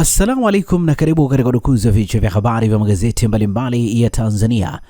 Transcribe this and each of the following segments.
Assalamu alaikum na karibu katika udukuzi wa vichwa vya habari vya magazeti mbalimbali ya Tanzania.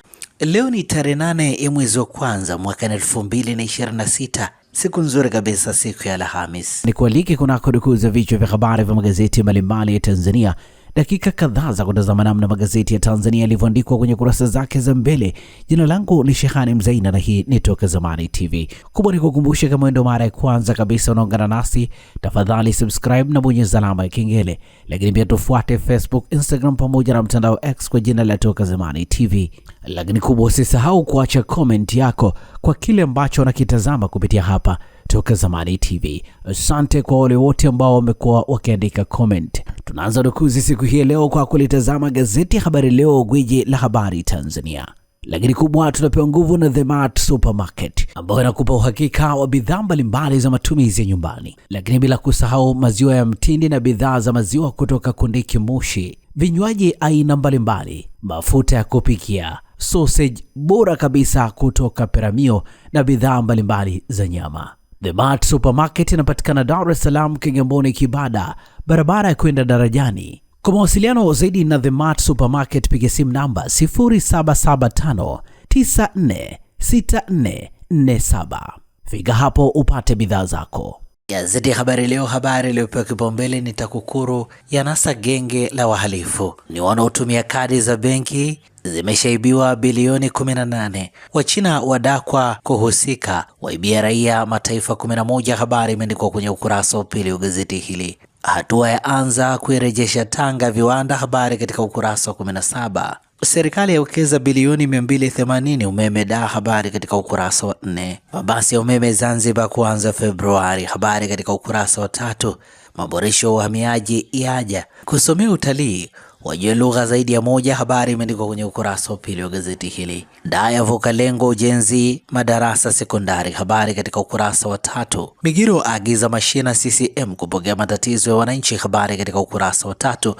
Leo ni tarehe nane ya mwezi wa kwanza mwaka 2026. Siku nzuri kabisa, siku ya Alhamis. Ni kualike kunako dukuzi wa vichwa vya habari vya magazeti mbalimbali ya Tanzania dakika kadhaa za kutazama namna magazeti ya Tanzania yalivyoandikwa kwenye kurasa zake za mbele. Jina langu ni Shehani Mzaina na hii ni Toka Zamani TV. Kubwa ni kukumbusha, kama ndio mara ya kwanza kabisa unaungana nasi, tafadhali subscribe na bonyeza alama ya kengele, lakini pia tufuate Facebook, Instagram pamoja na mtandao X kwa jina la Toka Zamani TV. Lakini kubwa, usisahau kuacha comment yako kwa kile ambacho unakitazama kupitia hapa Toka Zamani TV. Asante kwa wale wote ambao wamekuwa wakiandika comment. Tunaanza dukuzi siku hii leo kwa kulitazama gazeti ya Habari Leo, gwiji la habari Tanzania. Lakini kubwa tunapewa nguvu na The Mart Supermarket ambayo inakupa uhakika wa bidhaa mbalimbali za matumizi ya nyumbani, lakini bila kusahau maziwa ya mtindi na bidhaa za maziwa kutoka Kondiki Moshi, vinywaji aina mbalimbali, mafuta ya kupikia, sausage bora kabisa kutoka Peramio na bidhaa mbalimbali za nyama. The Mart Supermarket inapatikana Dar es Salaam, Kigamboni, Kibada, barabara ya kwenda darajani. Kwa mawasiliano zaidi na The Mart Supermarket, piga simu namba 0775946447. Fika hapo upate bidhaa zako. Gazeti ya Habari Leo, habari iliyopewa kipaumbele ni TAKUKURU yanasa genge la wahalifu, ni wanaotumia kadi za benki zimeshaibiwa bilioni 18. Wachina wadakwa kuhusika, waibia raia mataifa 11. Habari imeandikwa kwenye ukurasa wa pili wa gazeti hili. Hatua ya anza kuirejesha Tanga viwanda. Habari katika ukurasa wa 17. Serikali yawekeza bilioni 280 umeme da. Habari katika ukurasa wa 4. Mabasi ya umeme Zanzibar kuanza Februari. Habari katika ukurasa wa tatu. Maboresho ya uhamiaji yaja kusomea utalii wajue lugha zaidi ya moja. Habari imeandikwa kwenye ukurasa wa pili wa gazeti hili. Ndaya yavuka lengo ujenzi madarasa sekondari, habari katika ukurasa wa tatu. Migiro aagiza mashina CCM kupokea matatizo ya wananchi, habari katika ukurasa wa tatu.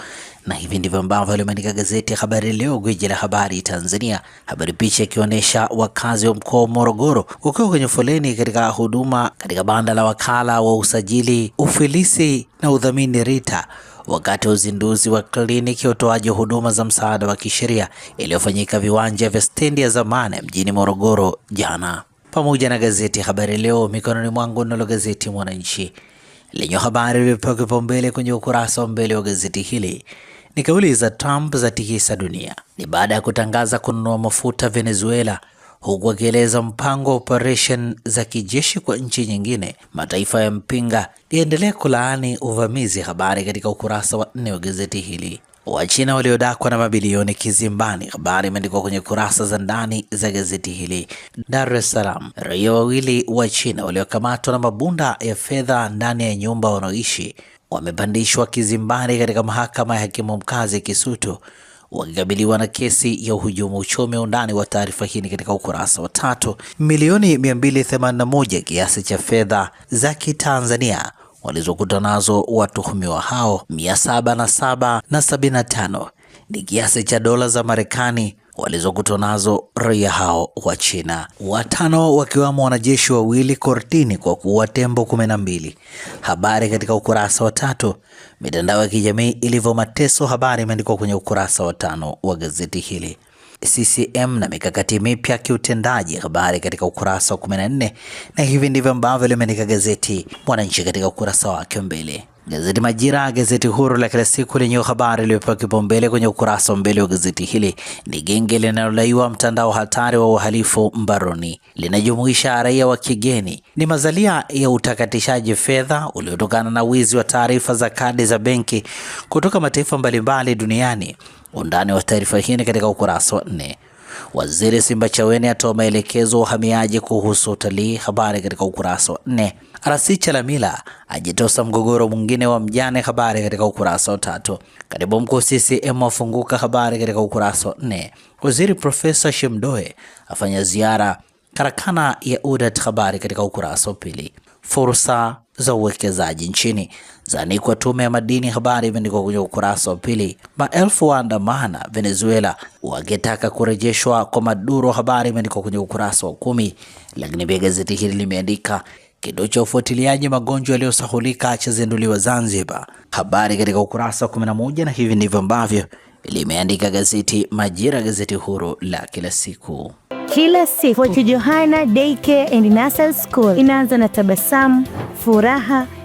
Na hivi ndivyo ambavyo limeandika gazeti ya Habari Leo, gwiji la habari Tanzania, habari picha ikionyesha wakazi wa mkoa wa Morogoro wakiwa kwenye foleni katika huduma katika banda la wakala wa usajili, ufilisi na udhamini RITA wakati wa uzinduzi wa kliniki ya utoaji huduma za msaada wa kisheria iliyofanyika viwanja vya stendi ya zamani mjini Morogoro jana, pamoja na gazeti Habari Leo mikononi mwangu. Nalo gazeti Mwananchi lenye habari iliyopewa kipaumbele kwenye ukurasa wa mbele wa gazeti hili ni kauli za Trump za tikisa dunia. Ni baada ya kutangaza kununua mafuta Venezuela huku akieleza mpango wa operesheni za kijeshi kwa nchi nyingine. Mataifa ya mpinga yaendelea kulaani uvamizi, habari katika ukurasa wa nne wa gazeti hili. Wachina waliodakwa na mabilioni kizimbani, habari imeandikwa kwenye kurasa za ndani za gazeti hili. Dar es Salaam, raia wawili wa China waliokamatwa na mabunda ya fedha ndani ya nyumba wanaoishi wamepandishwa kizimbani katika mahakama ya hakimu mkazi Kisutu wakikabiliwa na kesi ya uhujumu uchumi. Undani wa taarifa hii ni katika ukurasa wa tatu. Milioni 281 kiasi cha fedha za Kitanzania walizokuta nazo watuhumiwa hao 777 na 75 ni kiasi cha dola za Marekani walizokutwa nazo raia hao wa China, watano wakiwamo wanajeshi wawili kortini kwa kuua tembo kumi na mbili. Habari katika ukurasa wa tatu. Mitandao ya kijamii ilivyo mateso, habari imeandikwa kwenye ukurasa wa tano wa gazeti hili. CCM na mikakati mipya kiutendaji, habari katika ukurasa wa 14, na hivi ndivyo ambavyo limeandika gazeti Mwananchi katika ukurasa wake mbele. Gazeti Majira, gazeti huru la kila siku lenye habari iliyopewa kipaumbele kwenye ukurasa wa mbele wa gazeti hili ni genge linalodaiwa mtandao hatari wa uhalifu mbaroni, linajumuisha raia wa kigeni, ni mazalia ya utakatishaji fedha uliotokana na wizi wa taarifa za kadi za benki kutoka mataifa mbalimbali duniani. Undani wa taarifa hii katika ukurasa wa nne. Waziri simba chaweni atoa maelekezo wa uhamiaji kuhusu utalii. Habari katika ukurasa wa nne. RC Chalamila ajitosa mgogoro mwingine wa mjane. Habari katika ukurasa wa tatu. Katibu mkuu CCM afunguka. Habari katika ukurasa wa nne. Waziri Profesa Shemdoe afanya ziara karakana ya Udat. Habari katika ukurasa wa pili fursa za uwekezaji nchini zanikwa tume ya madini. Habari imeandikwa kwenye ukurasa wa pili. Maelfu waandamana Venezuela wakitaka kurejeshwa kwa Maduro. Habari imeandikwa kwenye ukurasa wa kumi. Lakini pia gazeti hili limeandika kituo cha ufuatiliaji magonjwa yaliyosahulika chazinduliwa Zanzibar. Habari katika ukurasa wa moja. na hivi ndivyo ambavyo limeandika gazeti Majira, gazeti huru la kila siku kila siku. Fort Johanna Daycare and Nursery School inaanza na tabasamu, furaha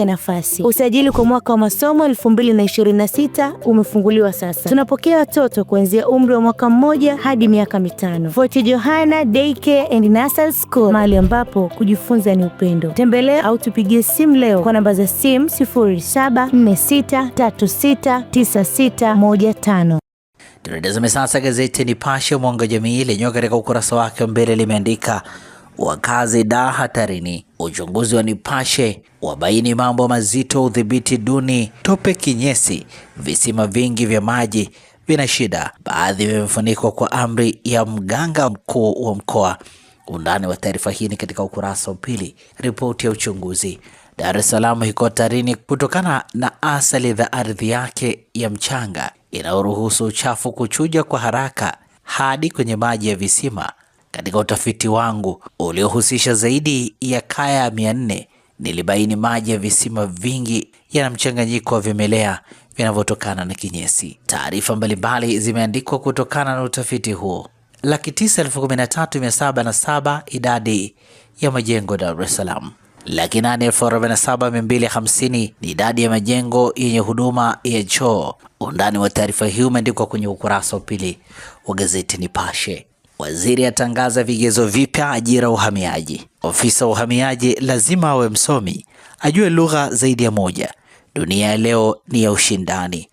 upate nafasi. Usajili kwa mwaka wa masomo 2026 umefunguliwa sasa. Tunapokea watoto kuanzia umri wa mwaka mmoja hadi miaka mitano. Fort Johanna Daycare and Nursery School, mahali ambapo kujifunza ni upendo. Tembelea au tupigie simu leo kwa namba za simu 0746369615. Tunatazame sasa gazeti Nipashe mwanga jamii lenyewe katika ukurasa wake mbele limeandika wakazi da hatarini. Uchunguzi wa Nipashe wabaini mambo mazito, udhibiti duni, tope kinyesi, visima vingi vya maji vina shida, baadhi vimefunikwa kwa amri ya mganga mkuu wa mkoa. Undani wa taarifa hii ni katika ukurasa wa pili. Ripoti ya uchunguzi Dar es Salaam iko hatarini kutokana na asali za ardhi yake ya mchanga inayoruhusu uchafu kuchuja kwa haraka hadi kwenye maji ya visima. Katika utafiti wangu uliohusisha zaidi ya kaya mia nne nilibaini maji ya visima vingi yana mchanganyiko wa vimelea vinavyotokana na kinyesi. Taarifa mbalimbali zimeandikwa kutokana na utafiti huo. Laki tisa elfu kumi na tatu mia saba na saba idadi ya majengo Dar es Salaam. Laki nane elfu arobaini na saba mia mbili hamsini ni idadi ya majengo yenye huduma ya choo. Undani wa taarifa hii umeandikwa kwenye ukurasa wa pili wa gazeti Nipashe. Waziri atangaza vigezo vipya ajira uhamiaji. Ofisa wa uhamiaji lazima awe msomi, ajue lugha zaidi ya moja. Dunia ya leo ni ya ushindani.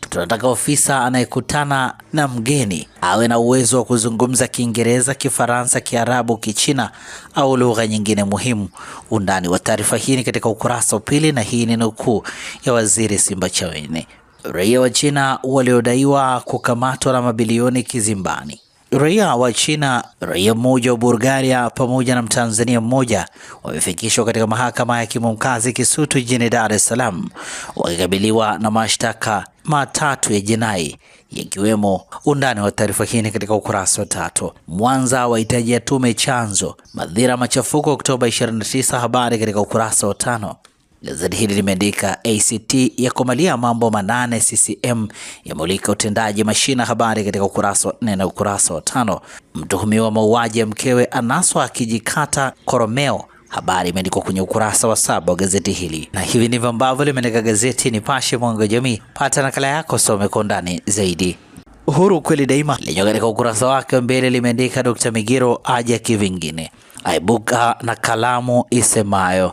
Tunataka ofisa anayekutana na mgeni awe na uwezo wa kuzungumza Kiingereza, Kifaransa, Kiarabu, Kichina au lugha nyingine muhimu. Undani wa taarifa hii ni katika ukurasa wa pili, na hii ni nukuu ya waziri Simbachawene. Raia wa China waliodaiwa kukamatwa na mabilioni kizimbani Raia wa China, raia mmoja wa Bulgaria pamoja na Mtanzania mmoja wamefikishwa katika mahakama ya hakimu mkazi Kisutu jijini Dar es Salaam wakikabiliwa na mashtaka matatu ya jinai yakiwemo. Undani wa taarifa hii katika ukurasa wa tatu. Mwanza wahitaji ya tume chanzo madhira machafuko Oktoba 29, habari katika ukurasa wa tano. Gazeti hili limeandika ACT kumalia mambo manane, CCM yamulika utendaji mashina, habari katika ukurasa wa nne na ukurasa wa tano. Mtuhumiwa mauaji ya mkewe anaswa akijikata koromeo habari imeandikwa kwenye ukurasa wa saba wa gazeti hili, na hivi ndivyo ambavyo limeandika gazeti Nipashe, mwanga wa jamii. Pata nakala yako, some kwa undani zaidi. Uhuru kweli daima lenye katika ukurasa wake mbele limeandika Dr. Migiro aje kivingine, aibuka na kalamu isemayo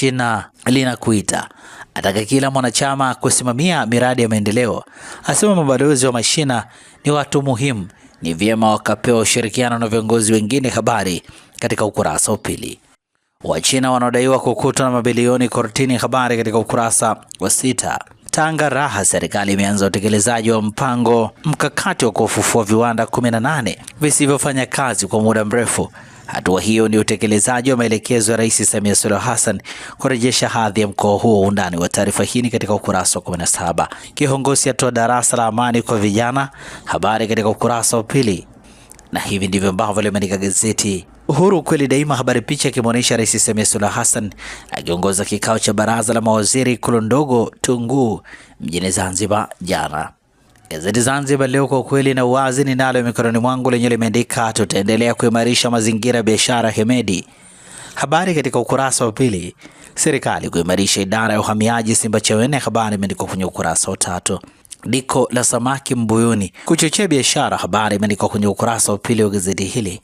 shina linakuita, ataka kila mwanachama kusimamia miradi ya maendeleo. Asema mabalozi wa mashina ni watu muhimu, ni vyema wakapewa ushirikiano na viongozi wengine. Habari katika ukurasa wa pili. Wachina wanaodaiwa kukutwa na mabilioni kortini. Habari katika ukurasa wa sita. Tanga raha, serikali imeanza utekelezaji wa mpango mkakati wa kufufua viwanda 18 visivyofanya kazi kwa muda mrefu. Hatua hiyo ni utekelezaji wa maelekezo ya Rais Samia Suluhu Hassan kurejesha hadhi ya mkoa huo. Undani wa taarifa hii ni katika ukurasa wa 17. Kiongozi atoa darasa la amani kwa vijana, habari katika ukurasa wa pili, na hivi ndivyo ambavyo limeandika gazeti Uhuru kweli daima, habari picha ikimwonyesha Rais Samia Suluhu Hassan akiongoza kikao cha baraza la mawaziri Ikulu ndogo Tunguu mjini Zanzibar jana. Gazeti Zanzibar Leo kwa ukweli na uwazi ninalo mikononi mwangu lenye limeandika tutaendelea kuimarisha mazingira ya biashara Hemedi. Habari katika ukurasa wa pili, serikali kuimarisha idara ya uhamiaji Simba Chawene. Habari imeandikwa kwenye ukurasa wa tatu. Diko la samaki Mbuyuni kuchochea biashara. Habari imeandikwa kwenye ukurasa wa pili wa gazeti hili.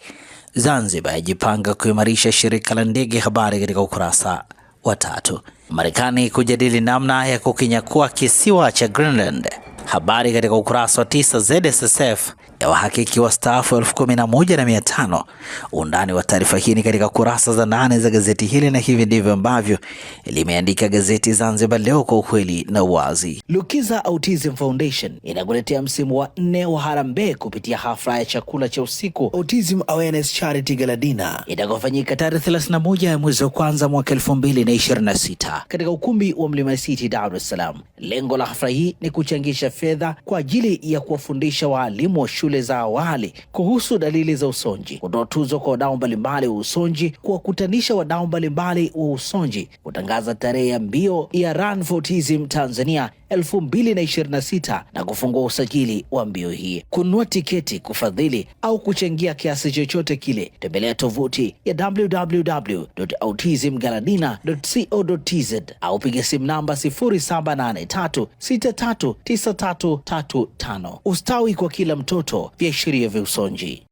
Zanzibar yajipanga kuimarisha shirika la ndege. Habari katika ukurasa wa tatu. Marekani kujadili namna ya kukinyakua kisiwa cha Greenland. Habari katika ukurasa wa tisa. ZSSF ya wahakiki wastaafu elfu kumi na moja na mia tano. Undani wa taarifa hii ni katika kurasa za nane za gazeti hili, na hivi ndivyo ambavyo limeandika gazeti Zanzibar Leo kwa ukweli na uwazi. Lukiza Autism Foundation inakuletea msimu wa nne wa harambee kupitia hafla ya chakula cha usiku Autism Awareness Charity Galadina itakofanyika tarehe 31 ya mwezi wa kwanza mwaka 2026 katika ukumbi wa Mlima City, Dar es Salaam. Lengo la hafla hii ni kuchangisha fedha kwa ajili ya kuwafundisha waalimu wa shule za awali kuhusu dalili za usonji, kutoa tuzo kwa wadau mbalimbali wa usonji, kuwakutanisha wadau mbalimbali wa usonji, kutangaza tarehe ya mbio ya Run for Autism Tanzania 2026 na kufungua usajili wa mbio hii. Kununua tiketi, kufadhili au kuchangia kiasi chochote kile, tembelea tovuti ya www.autismgaladina.co.tz au piga simu namba 0783639335. Ustawi kwa kila mtoto vifo viashiria vya usonji.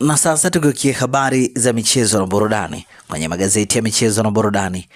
Na sasa tugeukie habari za michezo na burudani kwenye magazeti ya michezo na burudani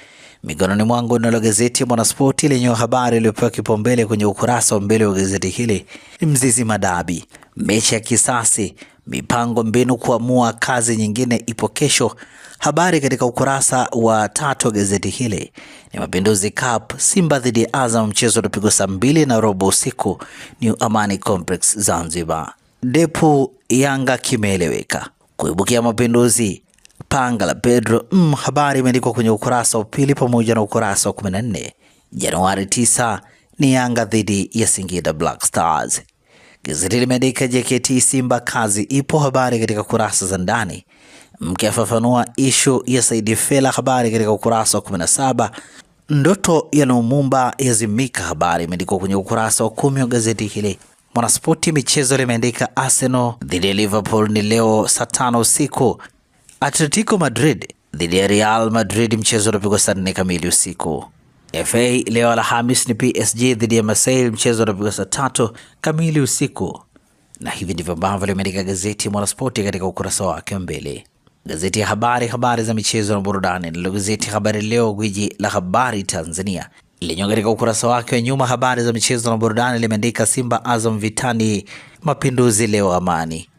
mikononi mwangu, nalo gazeti ya Mwanaspoti lenye habari iliyopewa kipaumbele kwenye ukurasa wa mbele wa gazeti hili ni Mzizi Madabi, mechi ya kisasi mipango mbinu kuamua kazi nyingine ipo kesho. Habari katika ukurasa wa tatu wa gazeti hili ni Mapinduzi Cup, Simba dhidi ya Azam, mchezo utapigwa saa mbili na robo usiku New Amani Complex Zanzibar. Depu Yanga kimeeleweka kuibukia Mapinduzi panga la Pedro mm, habari imeandikwa kwenye ukurasa wa pili pamoja na ukurasa wa 14. Januari 9 ni Yanga dhidi ya Singida Black Stars. Gazeti limeandika JKT Simba kazi ipo, habari katika kurasa za ndani. Mke afafanua ishu ya Saidi Fela, habari katika ukurasa wa 17. Ndoto ya Lumumba yazimika, habari imeandikwa kwenye ukurasa wa kumi wa gazeti hili. Mwanaspoti michezo limeandika Arsenal dhidi ya Liverpool ni leo saa tano usiku. Atletico Madrid dhidi ya Real Madrid mchezo unapigwa saa nne kamili usiku. FA leo Alhamis ni PSG dhidi ya Marseille, mchezo unapigwa saa tatu kamili usiku, na hivi ndivyo ambavyo limeandika gazeti Mwanaspoti katika ukurasa wake wa mbele. Gazeti ya habari, habari za michezo na burudani, nalo gazeti Habari Leo, gwiji la habari Tanzania, lenyewe katika ukurasa wake wa nyuma, habari za michezo na burudani, limeandika Simba Azam vitani, mapinduzi leo amani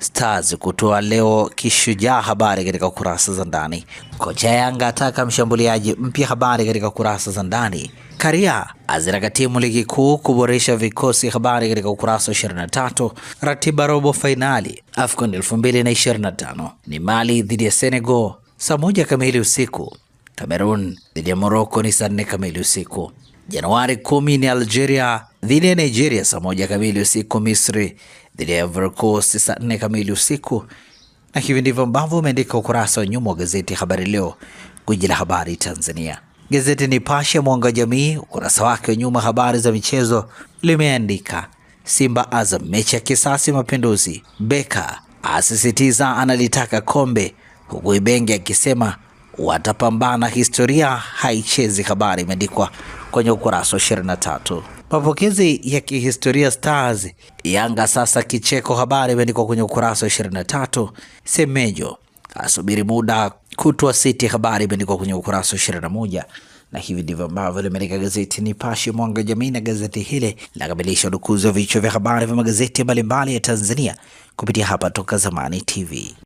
Stars kutoa leo kishujaa. Habari katika kurasa za ndani. Kocha Yanga ataka mshambuliaji mpya. Habari katika kurasa za ndani. Karia aziraka timu ligi kuu kuboresha vikosi. Habari katika ukurasa wa 23. Ratiba robo fainali AFCON 2025 ni Mali dhidi ya Senegal saa moja kamili usiku, Cameroon dhidi ya Morocco ni saa nne kamili usiku. Januari kumi ni Algeria dhidi ya Nigeria saa moja kamili usiku. Misri dhidi ya Veracruz saa nne kamili usiku, na hivi ndivyo ambavyo umeandika ukurasa wa nyuma wa gazeti Habari Leo, gwiji la habari Tanzania. Gazeti Nipashe Mwanga wa Jamii ukurasa wake wa nyuma, habari za michezo, limeandika Simba Azam mechi ya kisasi mapinduzi, Beka asisitiza analitaka kombe, huku Ibenge akisema watapambana, historia haichezi. Habari imeandikwa kwenye ukurasa wa 23. Mapokezi ya kihistoria Stars Yanga sasa kicheko, habari imeandikwa kwenye ukurasa wa 23. Semenyo asubiri muda kutwa City, habari imeandikwa kwenye ukurasa wa 21 na hivi ndivyo ambavyo limeandika gazeti Nipashe mwanga jamii, na gazeti hili linakamilisha udukuzi wa vichwa vya habari vya magazeti mbalimbali ya Tanzania kupitia hapa Toka Zamani TV.